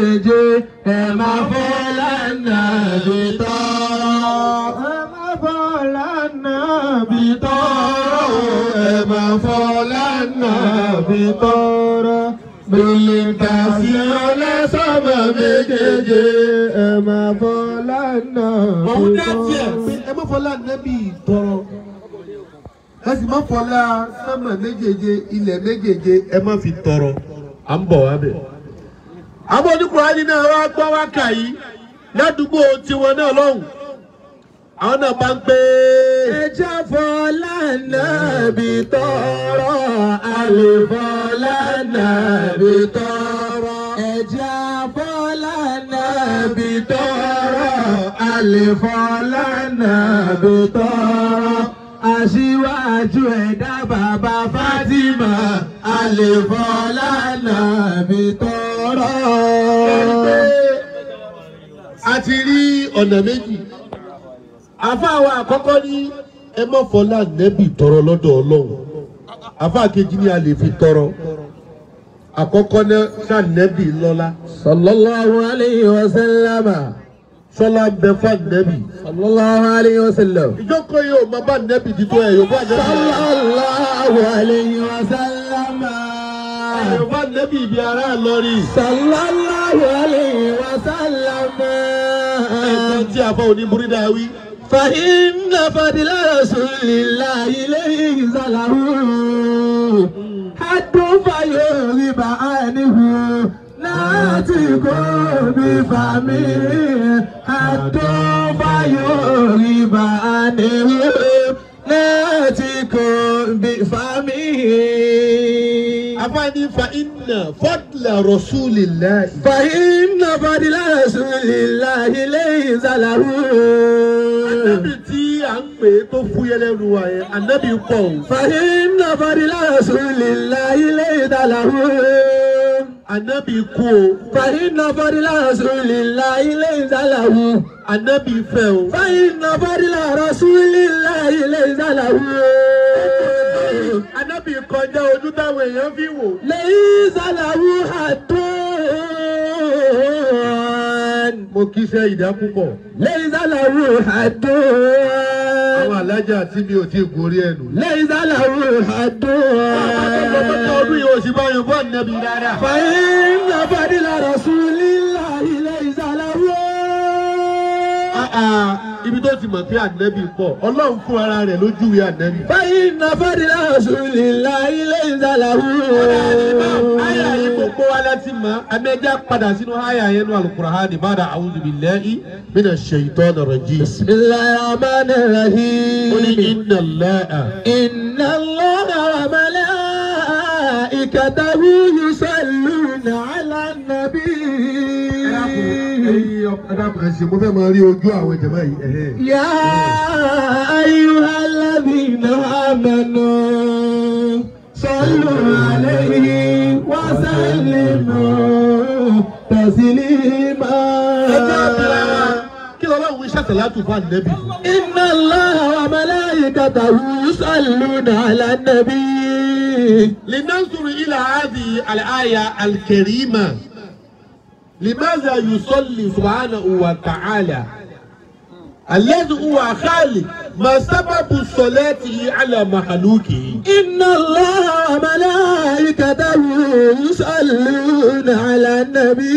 ṣèje ẹ máa fọ́ lánà bí tọ́rọ. ẹ máa fọ́ lánà bí tọ́rọ. ẹ máa fọ́ lánà bí tọ́rọ. Bìlìkà sí ọlẹ́sọ̀mọ méjèèjì ẹ máa fọ́ lánà bí tọ́rọ. Mọ̀wúndé tiẹ̀ ẹ máa fọ́ lánà bí tọ́rọ ẹ sì má fọlá sánmà méjèèje ilẹ̀ méjèèje ẹ má fi tọrọ à ń bọ̀ wá bẹ̀ abọ́dúkùránì náà wá gbọ́ wákà yìí ládùúgbò tiwọn náà lọ́hùn àwọn náà bá ń pè é. ẹja fọlá nàbì tọrọ àlè fọlá nàbì tọrọ ẹja fọlá nàbì tọrọ àlè fọlá nàbì tọrọ aṣíwájú ẹ̀dá bàbá Fátímà àlè fọlá nàbì tọrọ. lọ. a ti rí ọ̀nà méjì àwọn àkọ́kọ́ ní ẹ má fọlá nẹ́bì tọrọ lọ́dọ̀ ọlọ́run àfáà kejì ni a lè fi tọrọ àkọ́kọ́ ní sànẹ́bì lọ́lá. sallallahu alayhi wa sallama. sọlá bẹ fà nẹ́bì. sallallahu alayhi wa sallam. ìjókòó yóò máa bá nẹ́bì dídó ẹ̀ yóò bá nẹ́bì. sallallahu alayhi wa sallam. àṣẹ nẹ́bí ibi ará Ìlọrin. sallallahu alayhi wa sallam. ẹ̀sán tí a fọ òní búrídà wí. فإن فضل رسول الله إليه زله حد فيغلب عنه لا تكون بفمه حد فيغلب عنه لا تكون بفمه afáàní fa iná fọdùlà rọ̀ṣúlìlá. fa iná fọdùlà rọ̀ṣúlìlá ilé ìsàlàrú. anábì ti à ń pè é tó fúyẹ́ lẹ́nu wa yẹn anábì pọ̀ o. fa iná fọdùlà rọ̀ṣúlìlá ilé ìsàlàrú. anábì kú o. fa iná fọdùlà rọ̀ṣúlìlá ilé ìsàlàrú. anábì fẹ́ o. fa iná fọdùlà rọ̀ṣúlìlá ilé ìsàlàrú. Anábì kọjá ojú táwọn èèyàn fi wò. Lẹ́yìn Sàlàwù Hadon. Mo kí iṣẹ́ ìdá púpọ̀. Lẹ́yìn Sàlàwù Hadon. Àwọn alájà tí mi ò tí ì gorí ẹnu. Lẹ́yìn Sàlàwù Hadon. Àwọn ọdún yìí ò sì bá yín bọ́ nẹ́bí dáadáa. Fàyín Nàbàdìlà Rasulillah ilé ìsàlàwù ibi tó ti mọ̀ pé ànẹ́bí pọ̀ ọlọ́run fún ara rẹ̀ lójú ìwé ànẹ́bí. báyìí iná fọ́dílà ọ̀ṣunlélá ilé ìsàlàwù. àyà yìí gbogbo wa láti mọ̀ àmẹ́jà padà sínú àyà yẹn nú Al-Qur'ani ba'da a'udhu billahi minash shaitonir rajim. bismillahir rahmanir rahim. ó ní inna Allaha. inna Allaha wa malaikatahu yusalluna 'alan nabi mo fẹ́ máa rí ojú àwọn jẹ̀mọ́ yìí. yá ayyuhal ladhina amanu sallu alayhi wa sallimu taslima. kí lọ́wọ́ òun iṣẹ́ tẹ̀lé àtúfà nẹ́bí. inna Allaha wa malaikatahu yusalluna ala nabi. linansuru ila hadhihi al-aya al-karima limaza yusolli subhanahu wa ta'ala alladhi huwa khaliq ma sababu salatihi ala makhluqihi. inna allaha malaikatahu yusalluna ala nabi.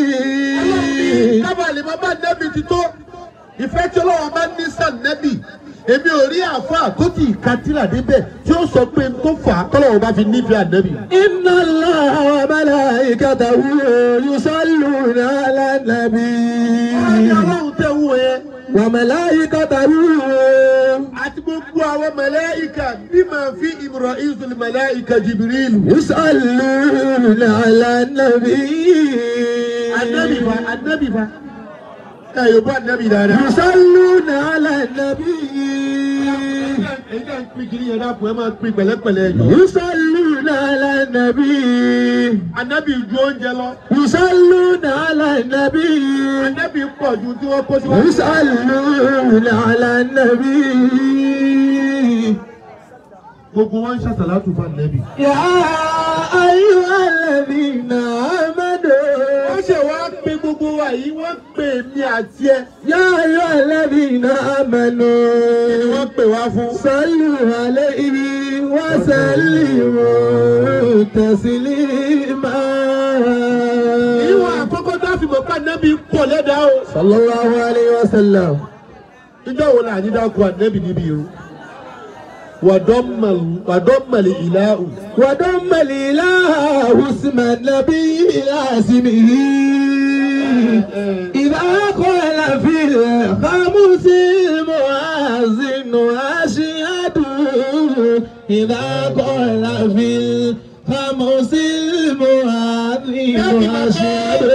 ọlọ́run ní kábàlì bàbá nẹ́bì ti tó ìfẹ́ tí èmi ò rí àáfàá tó ti ìkatìlà débẹ̀ tí ó sọ pé tó fà á tọ́lọ́wọ́ bá fi nífẹ̀ẹ́ ànábì. inna Allaha wa malaikatahu yusalluna ala nabi. ọlọ́run tẹ́ wọ yẹn. wa malaikatahu. àti gbogbo àwọn màláíkà bima fi imra'izul màláíkà Jibril. yusalluna ala nabi. ànábì fa ànábì fa ẹ yóò bá nẹ́bí dáadáa. musalu nàálà nàbí. ẹ jẹ́ ń pín kiri yẹn dàpọ̀ ẹ máa pín pẹ̀lẹ́pẹ̀lẹ́ jù. musalu nàálà nàbí. anabi ju oúnjẹ lọ. musalu nàálà yàrá ayé wà lẹ́bi náà wa yìí wọ́n pè mí àti ẹ. yóò yọ iná mẹ́nu. kí ni wọ́n pè wá fún. sọ́lù alẹ́ ibi wọ́n sẹ́lì mọ́ tẹ̀sílì máa. ìwà àkọ́kọ́ tá a fi mọ̀ pọ̀ lẹ́dàá o. sallallahu alaihi wasallam. ìjọ wo la àyídá kọ ànábì níbi o. وضم الإله وضم الإله اسم النبي إلى اسمه إذا قال في الخمس مؤذن أشهد إذا قال في الخمس مؤذن أشهد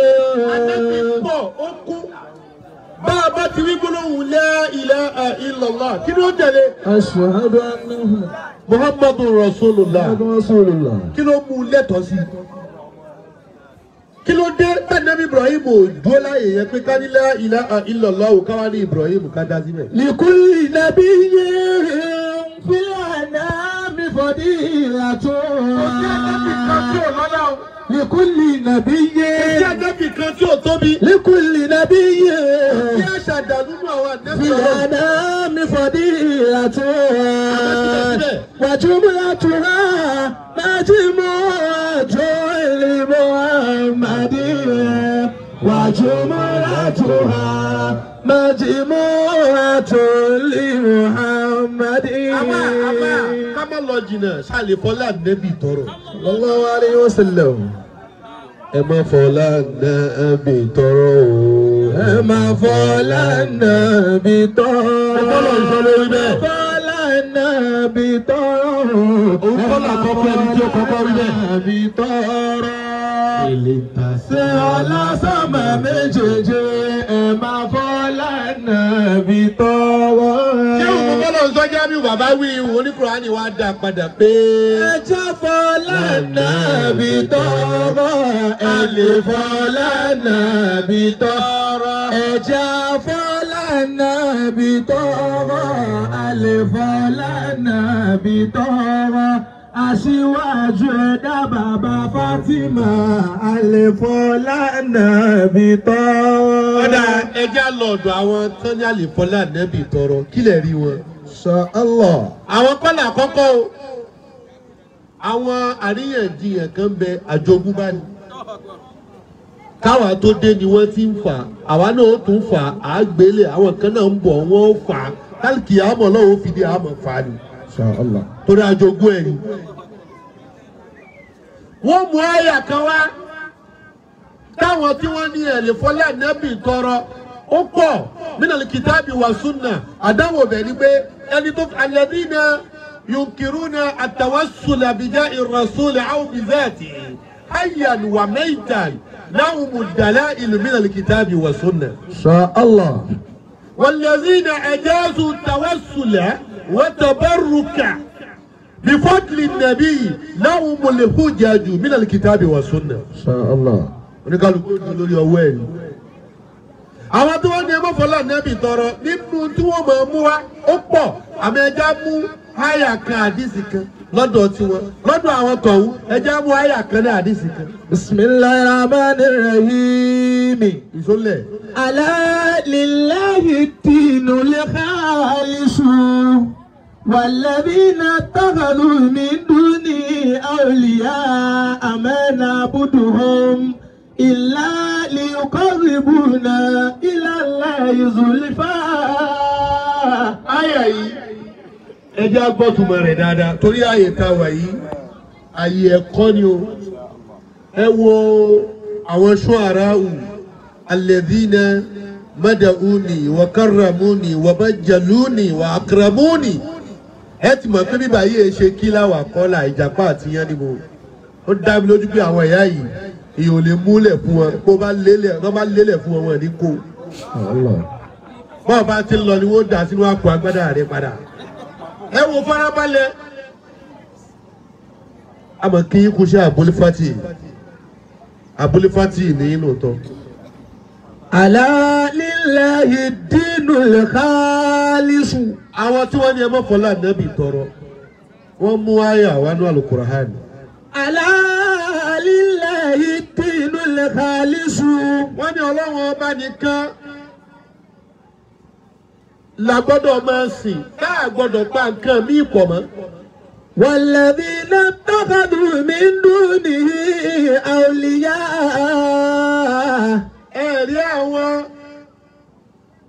bá ti rí gbólóhùn la ilaha illallah kí ló tẹ̀lé. ashhadu anna muhammadu rasulullah kí ló mú lẹ́tọ̀ọ́ sí i kí ló dé tànàbí ibrahim ò dúró láyè yẹn pé kánilá ilá ilọ̀lọ́ ò káwá ní ibrahim ká síbẹ̀. lìkúlì ìnàbí yé fílà náà mi fọdí ìlà tó wà. ó jẹ́ ẹ̀mí kan tí kan tí ò tóbi? Likuli nàbí yé. Ṣé àṣà dànù mú àwọn àdébí ọ̀rọ̀? Ìyànà mi fọ̀dí ìlàtọ̀. Wàjú mi àtúrà, màjí mú wa. محمد وجمرتها مجموعة لمحمد àmọ́ àmọ́ ká má lọ jìnnà sálẹ̀ fọlá nẹ́bì tọrọ. sallallahu alaihi wasallam. ẹ má fọlá nẹ́bì tọrọ o. ẹ má fọlá nẹ́bì tọrọ. ẹ fọlọ́ ìṣòro rí bẹ́ẹ̀. fọlá nẹ́bì tọrọ. òun kọ́ làkọ́kọ́ ẹni tí ó kọ́kọ́ rí bẹ́ẹ̀. nẹ́bì tọrọ ìlítàsí ọlọ́sọ̀mọ̀ méjèèjì ẹ máa fọ́ lánàbí tọwọ́ ẹ. ṣé òkú bọ́lá ń sọ́jà bí bàbá wí oníkùránì wa dá padà pé. ẹ jẹ́ fọ́ lánàbí tọwọ́ ẹ lè fọ́ lánàbí tọrọ ẹ jẹ́ fọ́ lánàbí tọwọ́ ẹ lè fọ́ lánàbí tọrọ aṣíwájú ẹ̀dá bàbá Fatima àlèfọ́lá nàbì tọrọ. ọ̀dà ẹja lọ́dọ̀ àwọn tán ní àlèfọ́lá nàbì tọrọ kílẹ̀ rí wọn. sọ ọlọ. àwọn kọ́là àkọ́kọ́ o àwọn àríyànjiyàn kan bẹ àjogúnbá ni káwa tó dé ni wọ́n ti ń fà àwa náà tún fà á gbélé àwọn kan náà ń bọ̀ wọ́n fà á kálíkì àmọ́ náà ó àmọ́ fà á ni torí ajogún ẹ̀ ni. wọ́n mú àyà kan wá táwọn tí wọ́n ní ẹ̀lẹ́ fọlá nẹ́bì tọrọ ó pọ̀ nínú kìtàbí wa sunna àdáwò bẹ̀ ni pé ẹni tó alladhina yunkiruna at-tawassula bija'i rasuli aw bizati ayyan wa maytan lahumud dalail nínú kìtàbí wa sunna. Allah. والذين أجازوا التوسل والتبرك بفضل النبي لهم الحجج من الكتاب والسنة. إن شاء الله. oníkálukú ní olórí ọwọ́ ẹ̀ ni. àwọn tí wọ́n ní ẹ mọ́fọ́lá nẹ́bì tọrọ nínú tí wọ́n mọ̀ ọ́ mú wa ó pọ̀ àmì ẹja mú háyà kan àdísì kan lọ́dọ̀ tiwọn lọ́dọ̀ àwọn kọ̀ọ̀hún ẹjẹ́ mú àyà kan ní àdìsí kan. bisimilayi rahman rahim. ìṣọlẹ̀. ala lillahi dinu likhalisu wàlẹ́bínà tàkàlù mi dúní àwòlíyá àmẹ́nà buduhum ìlà liyukọ̀rìbùnà ìlàlá ìzùlífà. àyà yìí ẹ jẹ́ agbọ́tùmọ̀ rẹ̀ dáadáa torí ààyè tá a wà yìí ààyè ẹ̀kọ́ ni o ẹ wo àwọn ṣuara'u alladhina mada'uni wa karramuni wa bajjaluni wa akramuni ẹ ti mọ̀ pé bíbá yìí ṣe kí láwà kọ́là ìjàpá àti yán níbo ó dá mi lójú pé àwọn ẹ̀yà yìí èyí ò lè múlẹ̀ fún wọn bó bá lélẹ̀ wọn bá lélẹ̀ fún wọn wọn ní kó bọ́ọ̀ bá ti lọ ni wọ́n dà sínú àpò agbádá rẹ padà ẹ wo farabalẹ̀ àmọ́ kí yín kú sí àbólífàtì àbólífàtì ní inú tán. àlá lillahi dinul khalisu. àwọn tí wọ́n ní ẹ fọlá nẹ́bì tọrọ wọ́n mú àyà wánú àlùkùránì. àlá lillahi dinul khalisu. wọ́n ní ọlọ́run ọba nìkan la gbọ́dọ̀ máa sìn tá a gbọ́dọ̀ pa nǹkan míì pọ̀ mọ́. والذين اتخذوا من دونه أولياء ẹ̀rí àwọn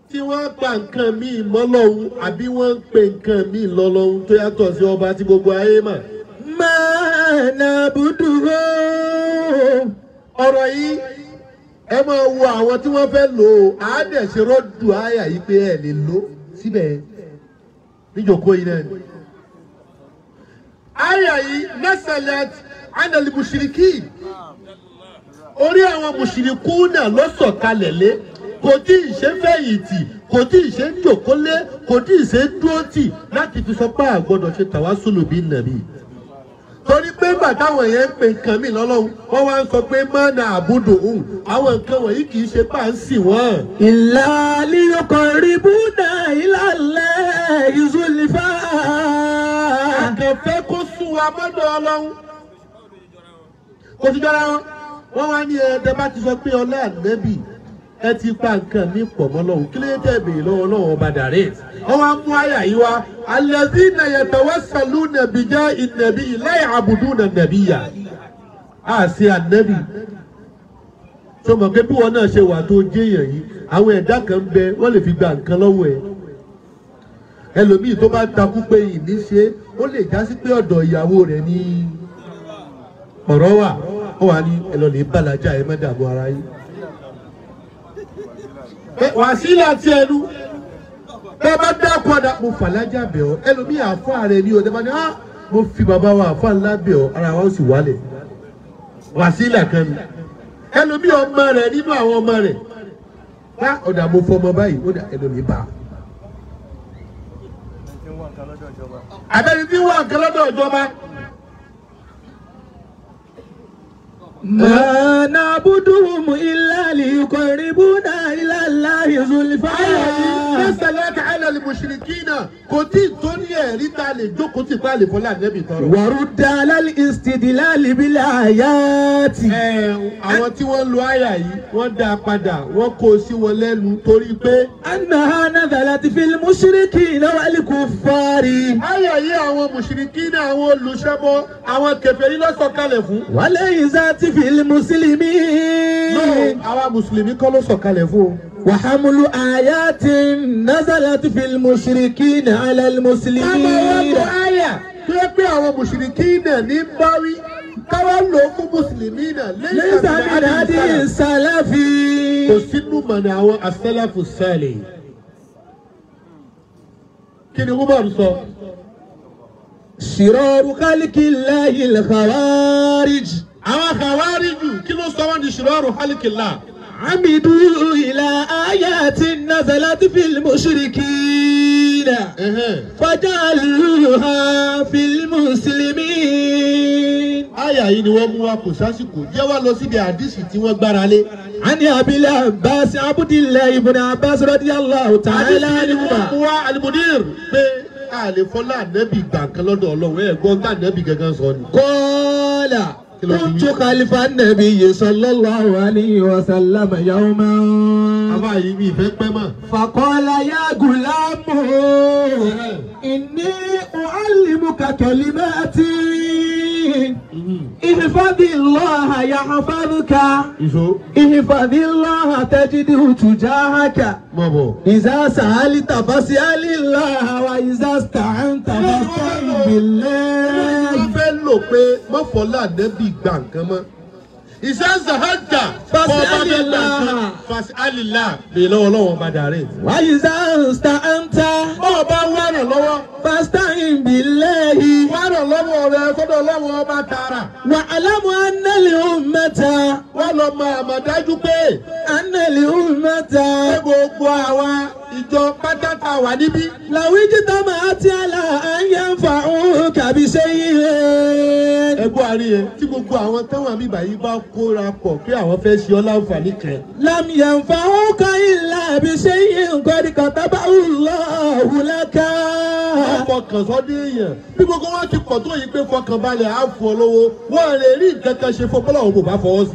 tí wọ́n pa nǹkan míì mọ́lọ́hún àbí wọ́n ń pe nǹkan míì lọ́lọ́hún tó yàtọ̀ sí ọba tí gbogbo ayé mà. máa búdúró. ọ̀rọ̀ yìí ẹ máa wo àwọn tí wọ́n fẹ́ lò ó àádẹ́sẹ̀rọ̀ dùn áyà yìí pé ẹ̀ lè lò ó síbẹ̀ níjòkó yìí náà ni. àyà yìí nasalat anali mushiriki orí àwọn mushiriku náà ló sọ̀kalẹ̀ lé kò tí ì ṣe fẹ̀yìntì kò tí ì ṣe jòkólé kò tí ì ṣe dúró tì láti fi sọ pé àgbọ̀dọ̀ ṣe tàwásùlù bí nàbí torí pé nígbà táwọn yẹn ń pè nǹkan mi lọ́lọ́run wọ́n wá ń sọ pé mọ́nà àbúdò òun àwọn nǹkan wọ̀nyí kì í ṣe pà wọ́n. ìlà lílọ́kọ̀ rí búdà ìlàlẹ̀ ìzúlifá. àkànfẹ́ kó sún wa mọ́dọ̀ ọlọ́run. kò sí jọra wọn wọ́n wá ní ẹ̀ẹ́dẹ́ ti sọ pé ọlá ànábì ẹ ti pa nǹkan mi pọ̀ mọ́ lọ́hùn kí lè tẹ̀ bèè lọ́wọ́ lọ́wọ́ ọba dàrẹ́ ọwọ́ mú àyà yìí wá alẹ́bí nàyẹ̀tẹ̀wẹ́ sàlú nàbí jẹ́ ìnàbí láì àbùdú nàbí yà á sí ànẹ́bí tó mọ̀ pé bí wọn náà ṣe wà tó jẹ́yàn yìí àwọn ẹ̀dá kan bẹ wọ́n lè fi gba nǹkan lọ́wọ́ ẹ̀ ẹlòmíì tó bá takú pé ìní ṣe ó lè já sí pé ọ̀dọ̀ ìyàwó rẹ̀ ní ọ̀rọ̀ wà ó wà ní ẹlọ́ni bàlájà ẹ má ara yìí wàsílà ti ẹnu bẹ́ẹ̀ bá dá padà mo fàlájà bẹ̀ ọ́ ẹlòmíì àfa rẹ̀ ni o dẹ́gbà ni ah mo fi bàbá wa àfa ńlá ọ́ ara wa ó sì wálẹ̀ wàsílà kan ni ẹlòmíì ọmọ rẹ̀ nínú àwọn ọmọ rẹ̀ bá ah, ọ̀dà mo fọmọ báyìí ó dà ẹlòmíì bá a àbẹ̀rẹ̀ bí wọ́n kẹlẹ́ lọ́dọ̀ ìjọba. Màá na abúdúhùn ilá lè يزول فعلي ليس لك alimusirikina kò tí ì tó ní ẹ̀rí tá a lè jókòó tì pa àlèkò lànàbì tọrọ. wàrú dala ìsìdìlá àlèbílẹ̀ àyà tì. ẹ àwọn tí wọ́n lo àyà yìí wọ́n dá a padà wọ́n kó o sí wọn lẹ́nu torí pé. anna nazala ti fi musirikina wàlí kò fari. àyà yìí àwọn musirikina àwọn olùṣẹ́bọ àwọn kèfèrí ló sọ̀kalẹ̀ fún. wàlẹ̀ ìzá ti fi musilimi. lóò àwa mùsùlùmí kọ́ ló sọ̀kalẹ̀ fún o. wàhámúlù àyà ti nazala bil mushrikina ala al muslimin. káwọn wọ́pọ̀ àyà tó yẹ pé àwọn mushrikina ní báwí káwọn lò ó fún mùsùlùmí náà lẹ́yìn sàmì àdí sàlàfì. kò sínú mọ̀nà àwọn asálàfù sálẹ̀. kí ni Umar sọ. ṣìrọ̀rù kálíkì láyé lè àwọn kàwárí jù kí ló sọ wọn di ṣìrọ̀rù kálíkì láà àmìdú ìlà ayé àti nazalat fil mushrikina kọjá lùhà fil muslimin. àyà yìí ni wọ́n mú wa kò sásìkò jẹ́ wá lọ síbi àdìsí tí wọ́n gbára lé. ani abilà basi abudulayi ibn abbas radiyallahu ta'ala. àdìsí ni wọ́n mú wa alimudir pé a lè fọlá ànábì gbàǹkan lọ́dọ̀ ọlọ́run ẹ̀ gbọ́n gbà ànábì gangan sọ ni. kọ́ọ̀là. كنت خلف النبي صلى الله عليه وسلم يوما فقال يا غلام إني أعلمك كلماتي ihifadhillaha yahfadhuka ihifadhillaha tajidu tujahaka iza sa'alta fas'alillah wa iza ista'anta fasta'in billah. wọ́n fẹ́ lò pé mọ́fọ́lá dẹ́bì gbà nǹkan mọ́. He says the hunter for Babylon fast alila bèèrè ọlọ́wọ́ bá dàrí. Wáyé sáńsítà ẹ̀ńtà. Bọ́ọ̀ bá wà ràn lọ́wọ́. Fásitá ìbí lẹ́yìn. Wà ràn lọ́wọ́ rẹ̀ sọ́dọ̀ ọlọ́wọ́ ọba tààrà. Wà alámù anẹ́lì ummata. Wọ́n lọ mọ àmọ̀dájú pé. Anẹ́lì ummata. Ṣé gbogbo àwa? ìjọ pátákà wà níbí. làwọn ìjìtá máa ti àlà àyà ń fa òun kàbí sẹ́yìn ẹ bú àárín yẹn tí gbogbo àwọn táwọn àmì ìbàyí bá kóra pọ̀ pé àwọn fẹ́ ṣe ọ́ láǹfààní kan. lámìyàn fa òun kan ìlà àbí sẹ́yìn nǹkan nìkan tábà ń lọ òwúlẹ́ká. ọkàn sọdí èèyàn bí gbogbo wọn ti pọ̀ tó yìí pé fọkàn balẹ̀ á fún lọ́wọ́ wọn lè rí nǹkan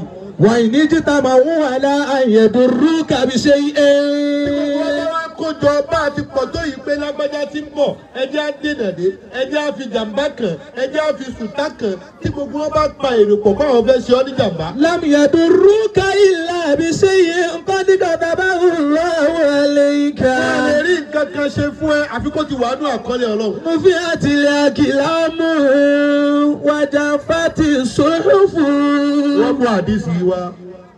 wàyí ní títà máa ń wà láàyè dúró kàbí ṣe é kójọ bá a ti pọ̀ tó yìí pé lágbájá ti ń bọ̀ ẹjẹ́ á dènà dé ẹjẹ́ á fi jàǹbá kan ẹjẹ́ á fi sùtá kan tí gbogbo wọn bá pa èrò pọ̀ báwọn fẹ́ ṣe ọ́ ní jàǹbá. lámìyàdó rúkà ilà àbí ṣéyé nǹkan dídà bàbá òun lọ ẹlẹ́ ìka. wọ́n lè rí nǹkan kan ṣe fún ẹ àfi kó ti wàánú àkọlé ọlọ́run. mo fi àtìlẹ́ àkìlá mú wájà fati sófò. wọ́n mú àdìsí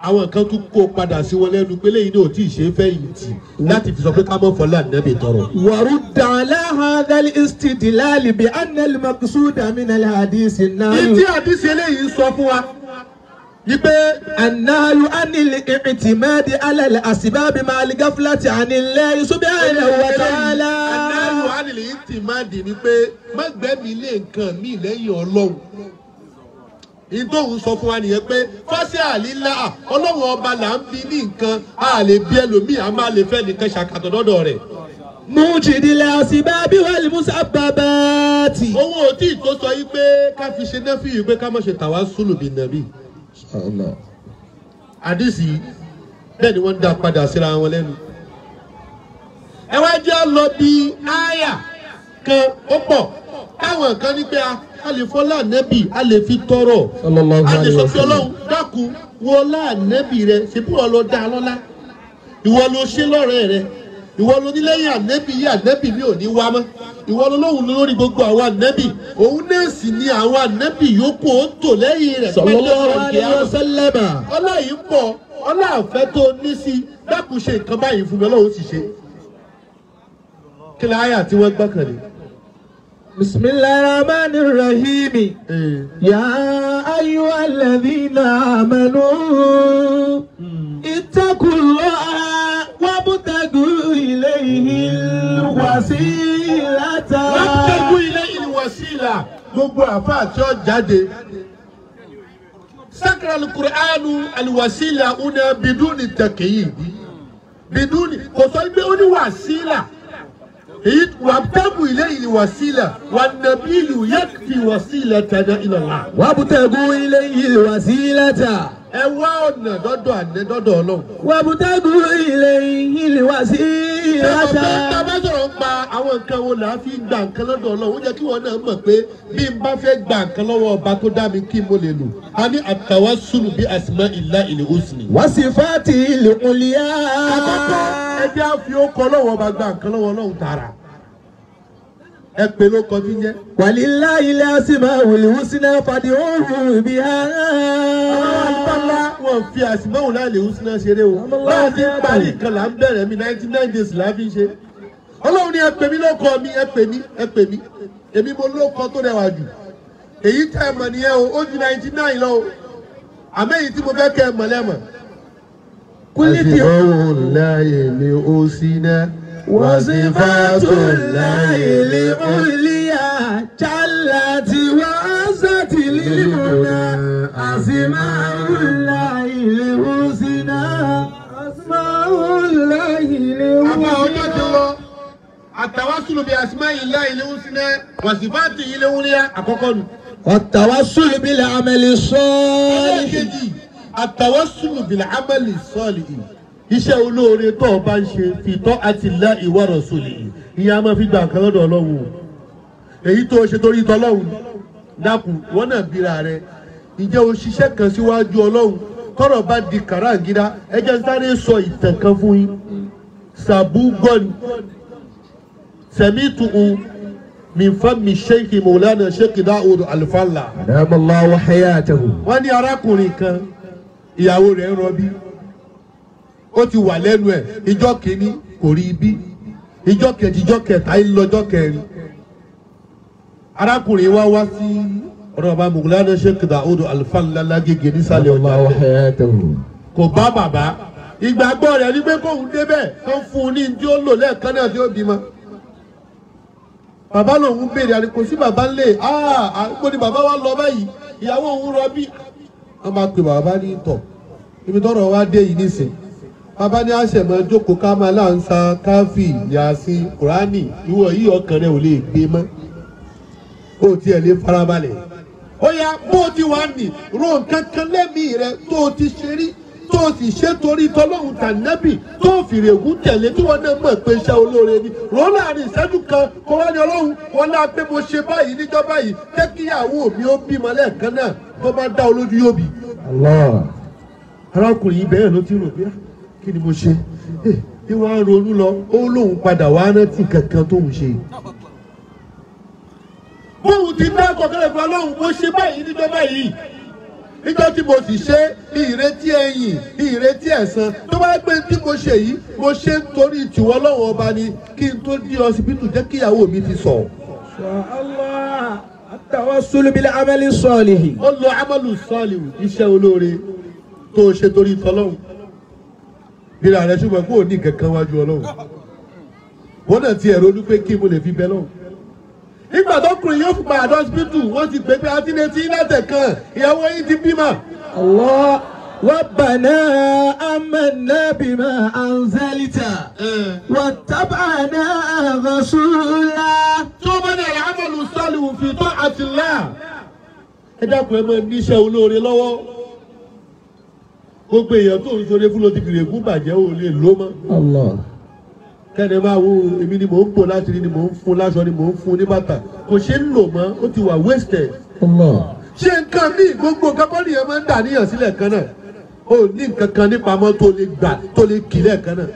àwọn kan tún kó padà sí wọn lẹ́nu pé lẹ́yìn náà tí ì ṣe é fẹ̀yìntì láti fi sọ pé ká mọ̀ fọlá nẹ́bì tọrọ. wàrú dàlá hadal istidilali bi anel maksuda minal hadisi náà. ìdí àdìsí eléyìí sọ fún wa wípé anáyú ánìlì ìtìmẹ́ẹ̀dì alẹ́lẹ̀ àsìbábì máa lè gáfúláàtì ànílẹ̀ ìṣúbí àìlẹ̀ wọ̀tálá. anáyú ánìlì ìtìmẹ́ẹ̀dì ni pé má gbẹ́mí lé mí lẹ́yìn ọlọ́run ìtòhùn sọ fún wa nìyẹn pé fásí àlílá ọlọ́run ọba là ń bi ní nǹkan a lè bí ẹlòmíì a máa lè fẹ́ nìkan ṣàkàtọ̀ lọ́dọ̀ rẹ̀. mùjìdìlẹ̀ àsìbá bí wọ́n lè mú sábà bá tì. owó òtí tó sọ yìí pé ká fi ṣe náà fìyí pé ká má ṣe tàwa sùlù bí nàbí. àdìsí bẹ́ẹ̀ ni wọ́n ń dá padà síra wọn lẹ́nu. ẹ wá jẹ́ lọ bí áyà kan ó pọ̀ táwọn kan ní pé a lè fọlá nẹ́bì a lè fi tọrọ a lè sọ pé ọlọ́run dákun wọlá nẹ́bì rẹ ṣèbí wọn lọ dá lọ́lá ìwọ ló ṣe lọ́rẹ́ rẹ ìwọ ló ní lẹ́yìn ànẹ́bì yìí ànẹ́bì mi ò ní wá mọ́ ìwọ ló lóhùn lórí gbogbo àwọn ànẹ́bì òun náà sì ni àwọn ànẹ́bì yòókù ó tò lẹ́yìn rẹ̀ sallallahu alaihi wasallam ọlá yìí ń bọ̀ ọlá àfẹ́ tó ní sí dákun ṣe nǹkan báyìí fún mi ọlọ́run sì ṣe kí ni àyà tí wọ́n gbọ́kànlé. بسم الله الرحمن الرحيم يا أيها الذين آمنوا اتقوا الله وابتغوا إليه الوسيلة وابتغوا إليه الوسيلة gbogbo àfáà tí ó jáde sakral kur'anu alwasila una biduni takiyi biduni kò sọ pé ó ní وابتغوا إليه الوسيلة والنبيل يكفي وسيلتنا إلى الله وابتغوا إليه الوسيلة ẹ wá ọ̀nà dọ́dọ̀ àná dọ́dọ̀ ọlọ́run. wàbùtẹ́gù ilé ìlú wá sí ìrajà. ẹ bá sọ̀rọ̀ pa àwọn nǹkan wo là á fi gbà nǹkan lọ́dọ̀ ọlọ́run ó jẹ́ kí wọ́n náà mọ̀ pé bí n bá fẹ́ gbà nǹkan lọ́wọ́ ọba tó dá mi kí mo lè lò. a ní àtàwá sùnù bí àsìmá ìlà ìlú húsìnì. wọ́n sì fáàtì ìlú kùnlé yá. àkọ́kọ́ ẹ jẹ́ àfi ó kọ́ lọ́wọ́ ọba gbà nǹkan lọ́wọ́ ọlọ́run tààrà ẹ pè ló kọ tí ń jẹ́. wàlílá ilé àsìmá wòlíwú síná fàdí òòrùn ibi ara. ọlọ́lá fi àsìmáwò náà lè wú síná ṣeré o. báà ti parí nǹkan là ń bẹ̀rẹ̀ mi ninety nine là á fi ṣe. ọlọ́run ni ẹ pè mí ló mi ẹ pè mí ẹ pè mí èmi mo ló tó rẹwà jù. èyí tẹ́ ẹ mọ̀ nìyẹn o ó ju ninety nine lọ o. àmẹ́yìí tí mo fẹ́ kẹ́ ẹ mọ̀ lẹ́mọ̀. kúlítì ọ̀hún láyé ni ó sí náà. وصفات الله العليا جلت وعزت للمنى أسماء الله الحسنى أسماء الله الحسنى التوسل بأسماء الله الحسنى وصفاته العليا أكوكون التوسل بالعمل الصالح التوسل بالعمل الصالح iṣẹ́ olóore tó o bá ń ṣe fìtọ́ àti ilá ìwà rọ̀sùlì ìyá máa fi gbà kan lọ́dọ̀ ọlọ́run o èyí tó o ṣe torí tọlọ́run dákun wọ́n náà bíra rẹ ìjẹ́ o ṣiṣẹ́ kan síwájú ọlọ́run tọ́rọ̀ bá di kàràǹgídá ẹ jẹ́ n sáré sọ ìtàn kan fún yín sàbúgọ́ni sẹ̀mítù min fami sheikh maulana sheikh daoud alfalla. adama allah wa hayatahu. wọ́n ní arákùnrin kan ìyàwó rẹ̀ ń rọbí ó ti wà lẹ́nu ẹ̀ ìjọ kìíní kò rí ibi ìjọ kejì ìjọ kẹta ìlọjọ kẹrin arákùnrin wa wá sí ọ̀rọ̀ bàbá mùgùlánà sheikh daoud alfanlala gègé nísàlẹ̀ ọ̀la wa kò bá bàbá ìgbàgbọ́ rẹ̀ ní pé kóun débẹ̀ tó fún un ní tí ó lò lẹ́ẹ̀kan náà tí ó bímọ bàbá lòun béèrè àní kò sí bàbá ńlẹ̀ àgbo ni bàbá wa lọ báyìí ìyàwó òun rọbí wọn máa pè bàbá ní tọ̀ ibi tọ́rọ̀ wa dé yìí nísìnyí bàbá ní àṣẹmọ jókòó ká máa láǹsa káfí yàsí kùránì ìwọ yìí ọkàn rẹ ò lè gbé mọ́ ó tiẹ̀ lè farabalẹ̀ ó yá bó ti wà nì ro nǹkan kan lẹ́mìí rẹ tó o ti ṣe rí tó o sì ṣe torí tọlọ́hun tànẹ́bì tó o fìrè ògùn tẹ̀lé tí wọ́n náà mọ̀ pé iṣẹ́ olóore ni ròó láàrin ìṣẹ́jú kan kó wá ní ọlọ́run wọn náà pé mo ṣe báyìí níjọ́ báyìí jẹ́ kí ìyàwó mi ó bímọ lẹ́ẹ̀kan náà tó bá dá olójú yóò bí. arákùnrin bẹ́ẹ̀ ló ti rò bí i kí ni mo ṣe eh, bí wọ́n á ronú lọ ó lóun padà wá rántí kankan tóun ṣe. bóun ti dá kọ̀kẹ́rẹ́ fún ọlọ́run mo ṣe báyìí níjọ́ báyìí níjọ́ tí mo sì ṣe ìrètí ẹ̀yìn ìrètí ẹ̀san tó bá gbé tí mo ṣe yìí mo ṣe ń torí ìtìwọ́ ọlọ́run ọba ni kí n tó di ọsibítù jẹ́ kíyàwó mi ti sọ. Tawassul bil amali salihi. Ó lo amalu salihi iṣẹ́ olóore tó ṣe torí tọ́lọ́run ìrà rẹ ṣùgbọ́n kó o ní kankan wájú ọlọ́run wọn náà ti ẹ̀rọ olúpẹ́ kí mo lè fi bẹ lọ́hùn. nígbà tó kùnrin yóò fún bàdàn hospital wọ́n ti pè pé àtìlẹ́tì látẹ̀ kan ìyàwó yìí ti bímọ. Allah rabbana amanna bima anzalita wattaba'na rasula. tó bá ní àlámọ̀lù sọ́ọ̀lù fi ta'atillah. ẹ dákun ẹ máa níṣẹ́ olóore lọ́wọ́ gbogbo èèyàn tó ń sọdé fún lọ́tí kìrìkú bàjẹ́ ò lè ló mọ́. kẹ́ni máa wo èmi ni mò ń bò láti rí ni mò ń fún láṣọ ni mò ń fún ní bàtà kò ṣe ń lò mọ́ ó ti wà wasted. ṣé nǹkan míì gbogbo kábọ́ọ̀lù yẹn máa ń dà níyàn sílẹ̀ kan náà ó ní nǹkan kan nípamọ́ tó lè gbà tó lè kì lẹ́ẹ̀kan náà.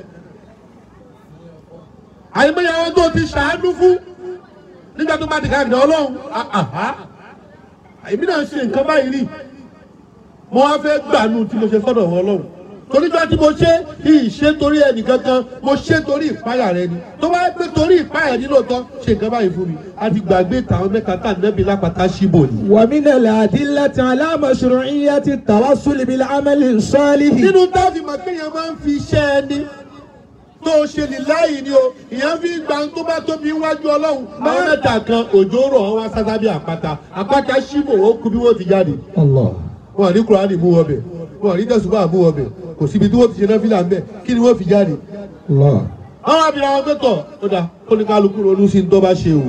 àyèmọ́yà tó ti ṣàánú fún nígbà tó bá ti ká ìdá ọlọ́run èmi náà ṣe nǹkan báyìí mo wá fẹ́ gbànú tí mo ṣe sọ́dọ̀ wọn lọ́hùn torígbà tí mo ṣe ìṣe torí ẹnì kankan mo ṣe torí ìpáyà rẹ ni tó bá gbé torí ìpáyà ní lóòótọ́ ṣe nǹkan báyìí fún mi a ti gbàgbé tàwọn mẹ́ta tá nẹ́bí lápáta ṣíbò ni. wàmínà làdí láti aláàmọ̀ṣọ̀rọ̀ ìyá ti tàwa sólèmí lámẹ́lì sọ́ọ́lì. nínú táàbì màkéèyàn máa ń fi iṣẹ́ ẹni tó ṣe ní láàyè ni o ìyẹn fi gba tó bá tóbi wájú ọlọ́run. àwọn mẹ́ta kan òjò rọ̀ wọ́n wá sátábí àpáta àpáta ṣíbò ó kú bí wọ́n ti jáde. Allah wọn rí kúránì mú wọbẹ wọn rí tẹsùbà mú wọbẹ kò síbi tí wọn fi ṣe náà fílà ńbẹ kí ni wọn fi jáde. àwọn àbí àwọn mẹtọ ó dà kóníkálukú ronú sí tó bá ṣe o.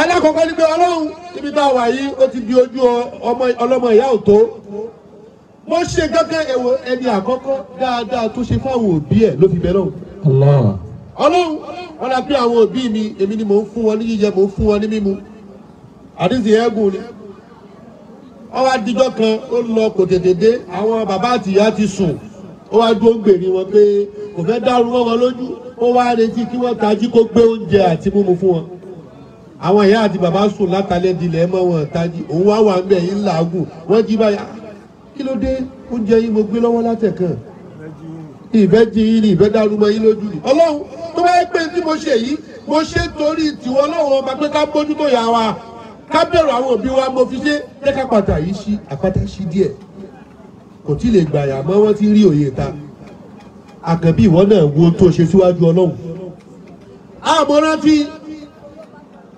alákọ̀ọ́kọ́ ni pé ọlọ́run ibi tá a wà yìí ó ti di ojú ọlọ́mọ ìyá òtó mo ṣe gẹ́gẹ́ èwo ẹni àkọ́kọ́ dáadáa tó ṣe fáwọn òbí ẹ̀ ló fi bẹ̀rẹ̀ ọ̀hún. ọlọ́run wọn la pé àwọn òbí mi èmi ni mò ń fún wọn ní jíjẹ mò ń fún wọn ní mímu àdìsí ẹ̀gùn ni ọwọ́ adijọ́ kan ó lọ kò tètè dé àwọn bàbá àtìyá ti sùn ó wá dúró gbèrè wọn pé kò fẹ́ dàrú mọ́ wọn lójú ó wá retí kí wọ́n tají kó gbé oúnjẹ àti mímu fún wọn àwọn ìyá àti bàbá sùn látàlẹ́ dilẹ̀ mọ́ wọn tají òun wá wà ń yín làágùn wọ́n jí báyà ah, kí ló dé oúnjẹ yín mo gbé lọ́wọ́ látẹ̀kàn ìbẹ́ jí yín ni ìbẹ́ dàrú yín lójú ni ọlọ́run tó bá pé tí mo ṣe yìí mo ṣe torí tiwọn lọ́wọ́ ọba pé ká bójútó yà wa kábẹ̀rù àwọn òbí wa mo fi ṣe jẹ́ ká pàtà yìí ṣí àpáta ṣí díẹ̀ kò tí lè gbàyà mọ́ wọ́n ti rí òye ta àkànbí ìwọ náà wo tó ṣe síwájú ọlọ́run àmọ́ rántí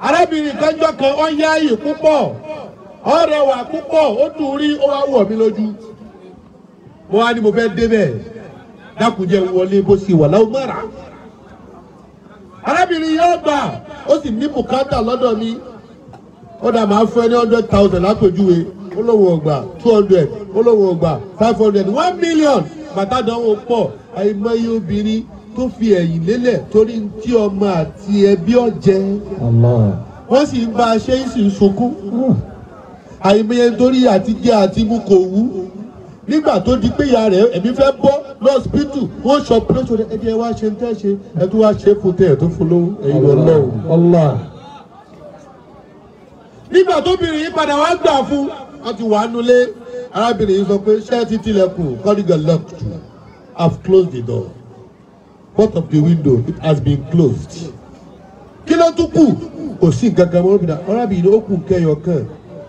arábìnrin kan jọ kan ó yá ààyè púpọ̀ ó rẹwà púpọ̀ ó dùn rí ó wá wọ̀ mí lójú mo wá ní mo fẹ́ débẹ̀ dákúnjẹ wọlé bó ṣe wà láwọn mọ́ra arábìnrin yóò gbà ó sì ní bùkátà lọ́dọ̀ mi ó dà máa fún ẹ ní hundred thousand lápèjúwe ó lówó ọgbà two hundred ó lówó ọgbà five hundred one million bàtà dánwò pọ̀ àìmọye obìnrin tó fi ẹ̀yìn lélẹ̀ torí tí ọmọ àti ẹbí ọ̀jẹ́ wọ́n sì ń bá a ṣe é sì ń sunkún hmm. àìmọye torí àtijẹ àti mú kò wú nígbà tó di pé ìyá rẹ̀ ẹ̀mí fẹ́ bọ́ lọ́sibítù wọ́n sọ pé ó ṣe wá ṣe ń tẹ́ ṣe ẹ̀ tó wá ṣe é fún tẹ́ ẹ̀ tó fún lówó ẹ̀yìn ọlọ́run nígbà tóbìnrin yìí padà wá gbà fún wọn ti wà nulẹ̀ arábìnrin yìí sọ pé ṣé ẹ ti tilẹ̀kùn kọ́dígà locked too I've closed the door both of the window it has been closed kí ló tún kù kò sí nǹkan kan mọ́ bìnrin arábìnrin ó kù kẹyọ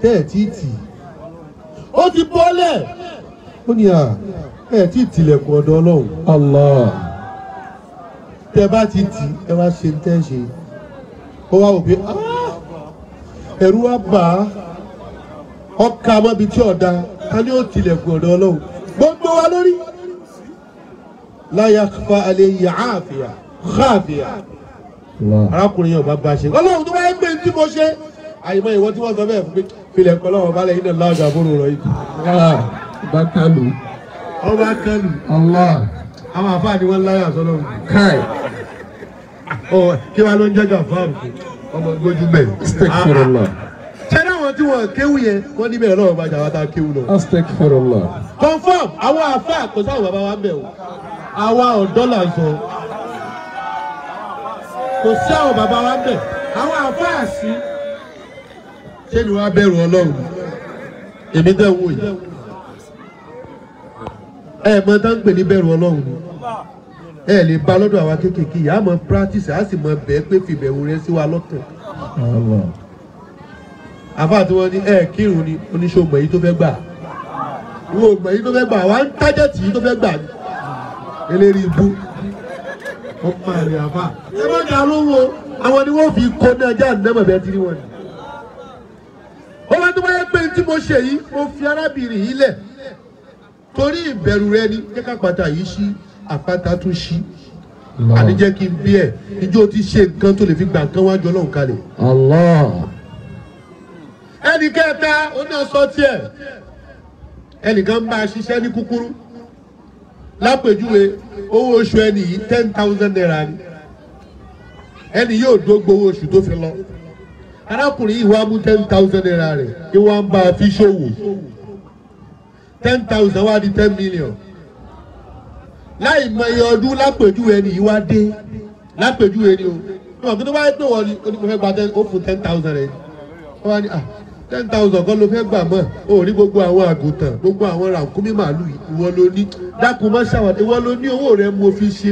tẹ́ ẹ̀ tí tì ó ti bọ́lẹ̀ ó ní à ẹ̀ tí tilẹ̀kùn ọ̀dọ̀ ọlọ́run Allah tẹ́ bá ti tì ẹ wá ṣe tẹ́ ṣe ó wá wò pé ah, ẹ̀rù wa bà á ọkà mọ́bi tí ọ̀dà ká ní ó tilẹ̀kùn ọ̀dọ̀ ọlọ́run gbogbo wa lórí láyà fa alẹ́ yà áàfíà xáàfíà arákùnrin yóò bá bá ṣe ọlọ́run tó bá yẹ pé tí mo ṣe àyìnbó ìwọ tí wọ́n sọ bẹ́ẹ̀ fún mi filẹ̀ kọ́ lọ́wọ́ balẹ̀ yìí náà láwùjọ àbúrò rẹ̀ yìí. ọba kanu. ọba kanu. Allah. àwọn àfáà ni láyà sọ́dọ̀ káì. ọ kí wàá ló ń jẹ́ gàfáà ọmọ gbójú bẹ́ẹ̀. Astaghfirullah. sẹ́dá àwọn tí wọ́n kéwù yẹn wọ́n níbẹ̀ lọ́wọ́ bá jà wá tá a kéwù lọ. Astaghfirullah. confam àwọn afa kò sáwọn bàbá wa ń bẹ̀ o àwa ọ̀dọ́ là ń sọ kò sí àwọn bàbá wa ń bẹ̀ àwọn afa àsí. ṣé ni wàá bẹ̀rù ọlọ́run èmi dẹ̀ wò yìí ẹ̀ mọ́ tá ń pè ní bẹ̀rù ọlọ́run ni ẹ lè bá lọ́dọ̀ àwa kéékèèké yìí a mọ practice a sì mọ bẹ́ẹ̀ pé fìbẹ̀wò rẹ sí wa lọ́kàn. àfa tí wọ́n ní ẹ kírun ni oníṣòwò yìí tó fẹ́ gbà wo mọ̀ yìí tó fẹ́ gbà wá ń tájẹ̀tì yìí tó fẹ́ gbà ni eléri ibú ó máa rí àfa. ẹ má dà lówó àwọn ni wọ́n fi kó ní ajá àdínẹ́mọ̀ bẹ́ẹ̀ tí wọ́n ni. ó wá tó bá yẹ pé tí mo ṣe yìí mo fi arábìnrin yìí lẹ̀ torí ìbẹ̀rù rẹ ni jẹ́ pàtàkì yìí ṣí àpáta tún ṣí àní kí n bí ẹ̀ ìjọ ti ṣe nǹkan tó lè fi gbà nǹkan wájú ọlọ́run kalẹ̀. ẹnì kẹta ó náà sọ tiẹ̀ ẹnìkan bá a ṣiṣẹ́ ní kúkúrú lápèjúwe owó oṣù ẹni yìí ten thousand naira ni ẹni yóò dógbó owó oṣù tó fi lọ arákùnrin yìí wá mú ten thousand naira rẹ̀ kí wọ́n bá a fi ṣòwò ten thousand wá di ten million láì mọye ọdún lápèjúwe ni ìwá dé lápèjúwe ụwa o ní ọ̀gbìn ụwa bá yẹ pé wọ́n ní onímọ̀ fẹ́ gba ten ó fún ten thousand rẹ̀ wọ́n wá ní ah ten thousand ló gbà o gbogbo àwọn àgùntàn gbogbo àwọn màálù ìwọ ló ní dákun ìwọ ló ní owó rẹ mo fi ṣe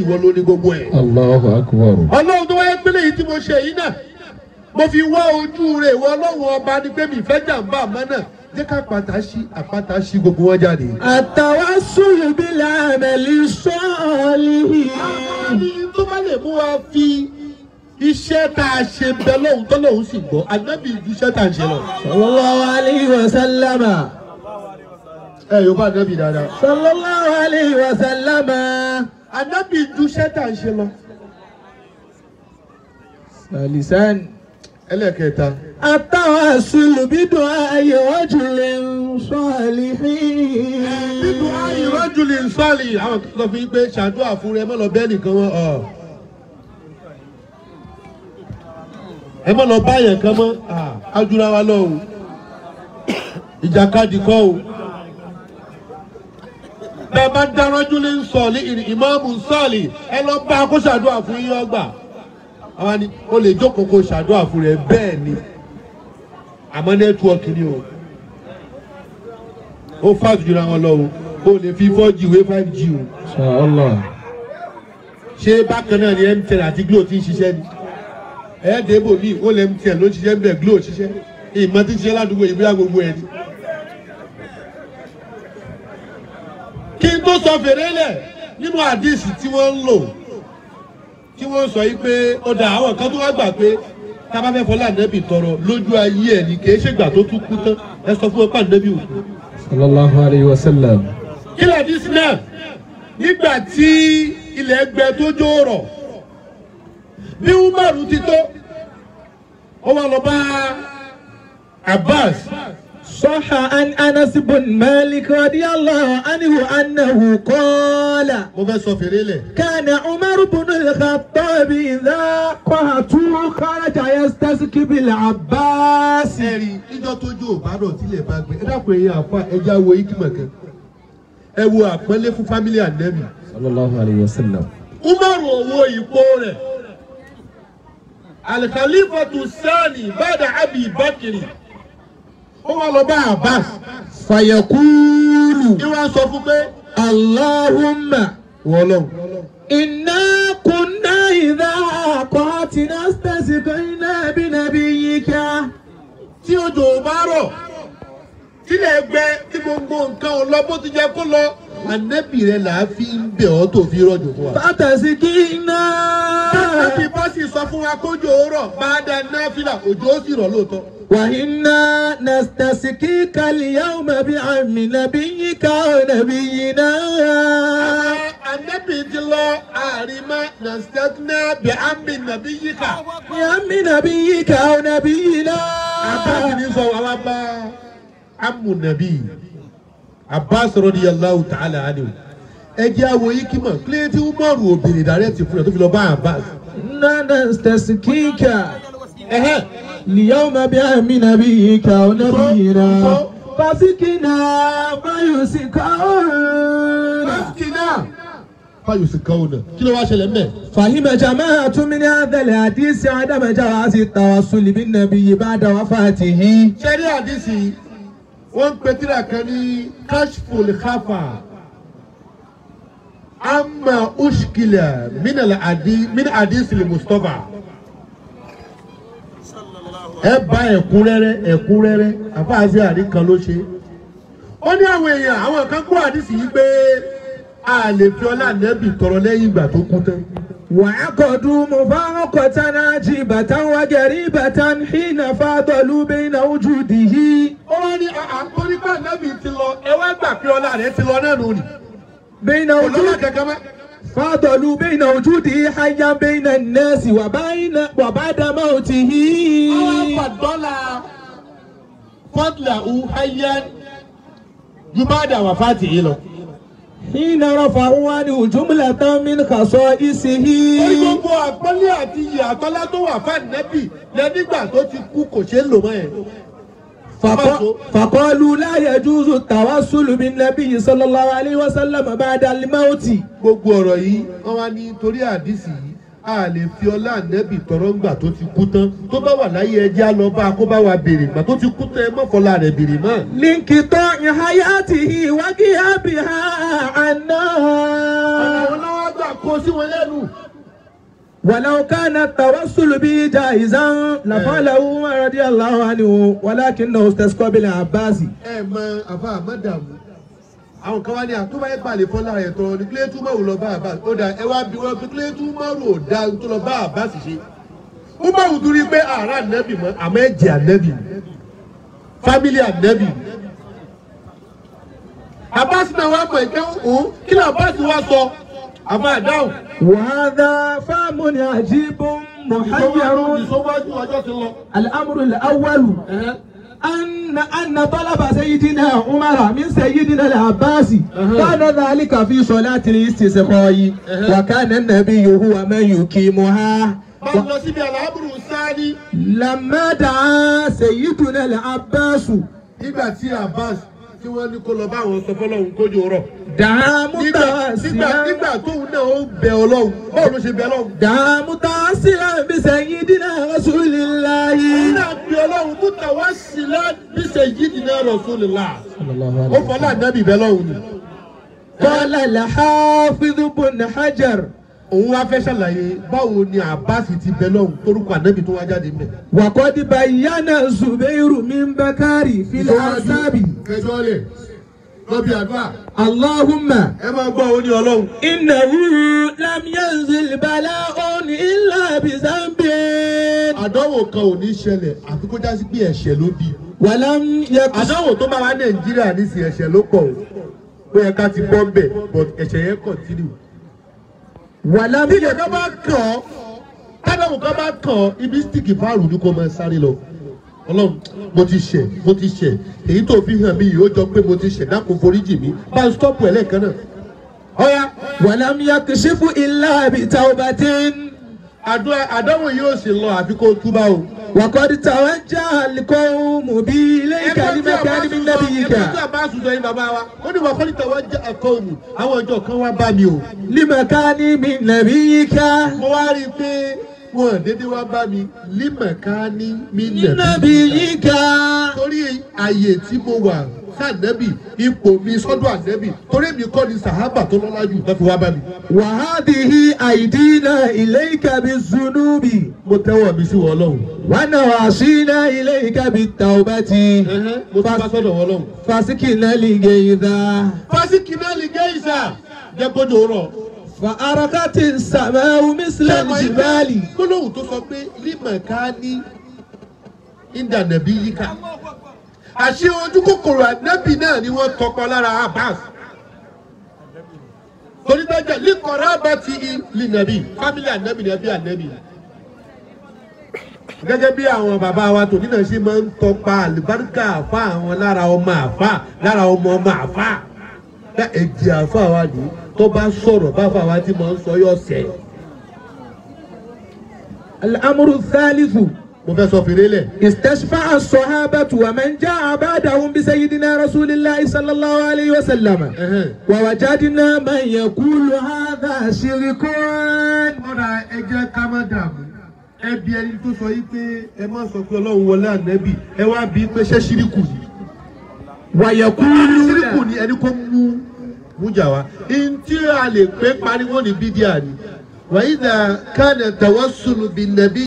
ìwọ ló ní mo ṣe yìí náà mo fi wá ojú ìwọ ọba jẹ́ ká pàtà sí àpáta sí gbogbo wọn jáde. àtàwọn sùnbí làmẹ̀lì sọ́ọ̀lì. tó bá lè mú wa fi iṣẹ́ tá a ṣe bẹ lóhun tó lóhun sì gbọ́ ànábì iṣẹ́ tá a ṣe lọ. sallallahu alayhi wa sallama. ẹ yóò bá ànábì dáadáa. sallallahu alayhi wa sallama. ànábì ju iṣẹ́ tá a ṣe lọ. sàlìsàn ẹlẹ́ẹ̀kẹta. àtàwọn àṣìlù bídùn ayé ń sọ́ọ̀lì fíìn. bídùn ayé rọ́jùlẹ̀ ń sọ́ọ̀lì àwọn kan sọ fún yín pé ṣàdúrà fún rẹ mọ́lọ bẹ́ẹ̀ nìkan wọn ọ̀. ẹ mọ́lọ báyẹn kan mọ́ ajúra wa lọ o ìjàkadì kọ́ o. bẹ́ẹ̀ bá dáná jùlẹ̀ ń sọ̀lì ìmáàmù sọ̀lì ẹ lọ bá a kó ṣàdúrà fún yín ọgbà àwọn ni ó lè jókòó kó ṣàdúrà fún rẹ bẹ́ẹ̀ ni àmọ́ nẹ́tíwọ́ọ̀kì ni o ó fàtú jura wọn lọ o o lè fi four wé five g o. ṣé bákan náà ni mtn àti glo ti ń ṣiṣẹ́ ni ẹ̀ẹ́dẹ́gbò mi ó lè mtn ló ń ṣiṣẹ́ bẹ́ẹ̀ glo ṣiṣẹ́ ìmọ̀ tí ń ṣiṣẹ́ ládùúgbò ìbílẹ̀ gbogbo ẹ̀ ni. kí n tó sọ fèrè lẹ̀ nínú àdìsí tí wọ́n ń lò tí wọ́n sọ yìí pé ọ̀dà àwọn kan tó wá gbà pé tábà fẹ́ fọlá nẹ́bì tọrọ lójú ayé ẹ̀ ní kì í ṣègbà tó tún kú tán ẹ sọ fún ọpá nẹ́bì òkú. sallallahu alayhi wa kí ló dé sí náà nígbà tí ilẹ̀ gbẹ tó jó rọ̀ bí umaru ti tó ó wà lọ bá Abbas صح عن أنس بن مالك رضي الله عنه أنه قال كان عمر بن الخطاب إذا قهته خرج يستسقي بالعباس ẹ̀rí níjọ́ tójú ò bá rọ̀ tílẹ̀ bá gbé ẹ dákun ẹ̀yà àfa ẹja wo ikimọ̀ kan ẹ wo àpọ́nlé fún fámílì ànẹ́mì. sallallahu alayhi wa sallam. umaru owó ipò rẹ̀ alikalifa tu bada abi bakiri ó wá lọ bá Abbas. fàyẹ̀kúrú. ìwà sọ fún pé. Allahumma wọlọ. iná kunná ìdá àkọ́ tí náà stẹ́sì kan iná ẹbí nàbí yìí kíá. tí òjò bá rọ̀ tílẹ̀ gbẹ tí gbogbo nǹkan ọlọ́ ti jẹ kó lọ. Anẹ́bì rẹ̀ là á fi ń bẹ̀ ọ́ tó fi rọ̀jò fún wa. Fátàsí kí iná. bí bá sọ fún wa kójò rọ̀ bá dáná fìlà òjò ó sì rọ̀ lóòótọ́. وإنا نستسقيك اليوم بعم نبيك ونبينا النبي جل عارما نستثنى بعم نبيك بعم نبيك ونبينا أباك نسوا أبا عم النبي Abbas radiyallahu ta'ala anhu ẹ jẹ́ àwọ̀ yìí kí mọ̀ kílé tí Umaru obìnrin dàrẹ́tì fún ẹ tó fi lọ bá Abbas. nana stasi kíkà. اليوم بأم نبيك ونبينا فاسقنا فيسقون فاسقنا فيسقون كيلو واشل امه فهم جماعة من هذا الحديث عدم جواز التواصل بالنبي بعد وفاته شريع حديثي wọ́n pe tíra kan ní kashful khafa amma ushkila min adi min adisi li mustapha ẹba bá ẹ̀kúnrẹ́rẹ́ ẹ̀kúnrẹ́rẹ́ àfáàzí ló ṣe ó ní àwọn èèyàn àwọn kan kó àdìsí yìí pé a lè fi ọlá tọrọ lẹ́yìn ìgbà tó kú tán. وعقدوا مفارقة عجيبة وغريبة حين فاضلوا بين وجوده. ó ní àkórí pàdánù ti lọ ẹ wá gbà pé ọlá lọ náà nù ojú. فضلوا بين وجوده حيا بين الناس وبين وبعد موته فضل فضله حيا جباد وفاته له حين رفعوا عنه جملة من خصائصه. orí gbogbo àpọ́nlé àti ìyàtọ́lá tó wà fáànẹ́bì lẹ́nígbà tó ti kú kò ṣeé lò mọ́ ẹ̀ fàkọ́lù láyé júùsù tawassulu bin nabi sallallahu alayhi wa sallam ba'da al-mauti. gbogbo ọ̀rọ̀ yìí wọ́n wá ní torí àdìsí yìí a lè fi ọlá ànẹ́bì tọrọ ńgbà tó ti kú tán tó bá wà láyé ẹjẹ́ á lọ bá a kó bá wa béèrè gbà tó ti kú tán ẹ mọ̀fọ́lá rẹ̀ béèrè mọ́. líǹkì tó ìhayá ti ìwákìyà bìhá àná. ọ̀nà wọn gbà kó sí wọn lẹ́nu. ولو كان التوسل به جائزا لفعله عمر رضي الله عنه ولكنه استسقى بالعباس. ẹ mọ àbá àmọdàmú àwọn kan wá ní àtúbà ẹ pàlè fọlá rẹ tọrọ ní kílé túmọ̀ ò lọ bá àbá ó dà ẹ wá bí wọn fi kílé túmọ̀ rò dá tó lọ bá àbá sì ṣe. ó bá òun torí pé ààrẹ ànẹ́bì mọ́ àmọ́ ẹ̀jẹ̀ ànẹ́bì fámílì ànẹ́bì. àbá sì náà wá mọ̀ ẹ̀kẹ́ òun kí làbá sì wá sọ a máa dáhùn. wàhálà fáàmù ni àjíbó mọ̀háyàrú. ìsọwájú ọjọ́ ti lọ. al-amru al-awwalu. أن أن طلب سيدنا عمر من سيدنا العباس كان ذلك في صلاة الاستسقاء وكان النبي هو من يقيمها لما دعا سيدنا العباس إذا سي عباس tí wọ́n ní kó lọ bá àwọn sọ fọ́lọ́hún dààmú tá a sí ra nígbà tóun náà ó bẹ ọlọ́run báwo ló ṣe bẹ ọlọ́run. dààmú tá a sí ra bí sẹ́yìn dínà rasulillahi. ó náà bí ọlọ́run mú tàwa sí ra bí sẹ́yìn dínà rasulillah. ó fọlá nábì bẹ lọ́run ni. kọ́lá al-Hafiz ibn Hajar òun wá fẹ́ ṣàlàyé báwo ni àbáàsì ti bẹ lọ́hùn torúkọ ànábì tó wá jáde mẹ́. wàkọ́ ìyá náà zubairu min bakari fil asabi lọ́bi àdúrà. Allahumma. Ẹ máa gbọ́ òun Ọlọ́run. Innahu lam yanzil bala'un illa bi zambi. Àdánwò kan ò ní ṣẹlẹ̀ àfi kó já sí pé ẹ̀ṣẹ̀ ló bí. Wàlám yẹ Àdánwò tó bá wá Nàìjíríà nísìnyí ẹ̀ṣẹ̀ ló pọ̀ o. Pé ẹ̀ka ti bọ́ ń bẹ̀ but ẹ̀ṣẹ̀ yẹn continue. Wàlám yẹ kù. Tí ìjọba bá kàn ọ́, tádàwò kan bá kàn ọ́, ibi stíkì fáàrù ni kò máa sáré lọ ọlọ́run mo ti ṣẹ̀ mo ti ṣẹ̀ èyí tó fi hàn mí yìí ó jọ pé mo ti ṣẹ̀ dákun foríjì mi bá a stọ́pù ẹ̀ lẹ́ẹ̀kan náà. ọ̀ya wàlámù ya kìsí fún ilá àbí ta ọba tí ń. àdánwò yóò sì lọ àfi kó túbà o. wàkọ́dí tàwa já àlìkọ́ mú bí ilé ìkàlí mẹ́ta ní bí nẹ́bí yìí kà. ẹgbẹ́ bá sùn sọ yín bàbá wa ó ní wàkọ́dí tàwa já àkọ́ mú àwọn ọjọ́ kan wá bá mi o. ní mẹ́ta ní bí nẹ́bí yìí kà. mo wá rí i pé wọn dédé wá bá mi límọ̀ká ní mílẹ̀. nínábì yín ga. torí àyè tí mo wà sànẹ́bì ipò mi sọ́dọ̀ ànẹ́bì torí mi kọ́ ni sàhábà tó lọ́lá jù tó fi wá bá mi. wàhádìí àìdínà ilé ìkàbí zunubi. mo tẹ́wọ̀ mi sí wọ́n lọ́hùn. wánà àṣìnà ilé ìkàbí tàwùbátì. mo ti bá sọ́dọ̀ wọ́n fásikì náà lè gé ìdá. fásikì náà lè gé ìdá. jẹ́ kójú rọ̀ wà arakati sàmà omi sílẹ̀ jìbáàlì. gbólóhùn tó sọ pé límọ̀káání ìdànàbí yíká àṣé ojú kòkòrò ànábì náà ni wọ́n tọpọ lára Abbas torí dájà líkọ̀ọ́rọ́ bá ti i lìnàbí fámílì ànábì ni ẹbí ànábì gẹ́gẹ́ bí àwọn bàbá wa tòní náà ṣe máa ń tọpa àlùbáríkà àfa àwọn lára ọmọ àfa lára ọmọ ọmọ àfa ẹ̀jẹ̀ àfa wa nìyí tó bá sọ̀rọ̀ báfa wa ti mọ̀ ń sọ yọ sẹ́. amúrú sálífù mo fẹ́ sọ fèrè lẹ̀. istashfa as-sahabatu wa man jaa ba'dahum bi sayyidina rasulillahi sallallahu alayhi wa sallam. wa wajadna man yaqulu hadha shirkun. ọ̀rọ̀ ẹ̀jẹ̀ ká má dààmú ẹ bi ẹni tó sọ yìí pé ẹ má sọ pé ọlọ́run wọlé ànẹ́bì ẹ wá bí pé ṣé ṣíríkù ni. wàyẹ̀kú lúdà ṣíríkù ni ẹni kò mú mújà wá ntí a lè pé pariwo ní bídíà ni wàyí nà kánà tawassulu bin nabi.